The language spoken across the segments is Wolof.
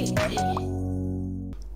Yeah.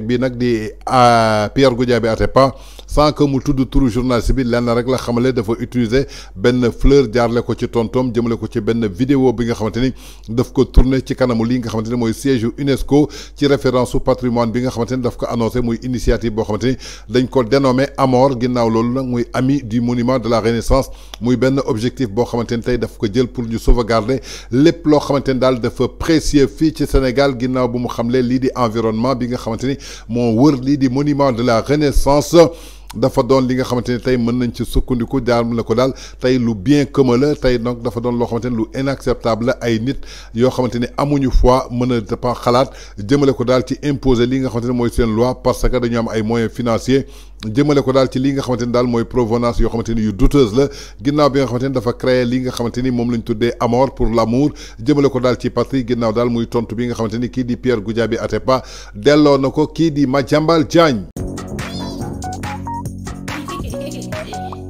échec bi nak di ah, Pierre Goudiaby pas sans que mu tudd turu journaliste bi lenn rek la de dafa utiliser ben fleur jaarle ko ci tontom jëmale ko ci benn vidéo bi nga xamante ni daf ko tourné ci kanamu li nga xamante ni mooy siège UNESCO ci référence au patrimoine bi nga xamante ni daf ko annoncé muy initiative boo xamante d'un dañ ko dénommé Amor ginnaaw loolu nag muy ami du monument de la Renaissance muy ben objectif boo xamante ni tey daf ko pour ñu sauvegarder lépp loo xamante ni daal dafa précieux fii ci Sénégal ginnaaw bu mu xamle lii di environnement bi nga xamante mon Worldly des monuments de la renaissance dafa doon li nga xamante ni tey mën nañ ci sukkandiku jaar na ko daal tey lu bien commun la tey donc dafa doon loo xamante ni lu inacceptable la ay nit yoo xamante ni amuñu foi mën a dafa xalaat jëmale ko daal ci imposer li nga xamante ni mooy seen loi parce que dañu am ay moyens financiers jëmale ko daal ci li nga xamante ni daal mooy provenance yoo xamante ni yu douteuse la ginnaaw bi nga xamante ni dafa créer li nga xamante ni moom lañ tuddee amour pour l'amour jëmale ko daal ci parti ginnaaw daal muy tontu bi nga xamante ni kii di Pierre Goudiaby Atepa delloo na ko kii di Madiambal Diagne Yeah.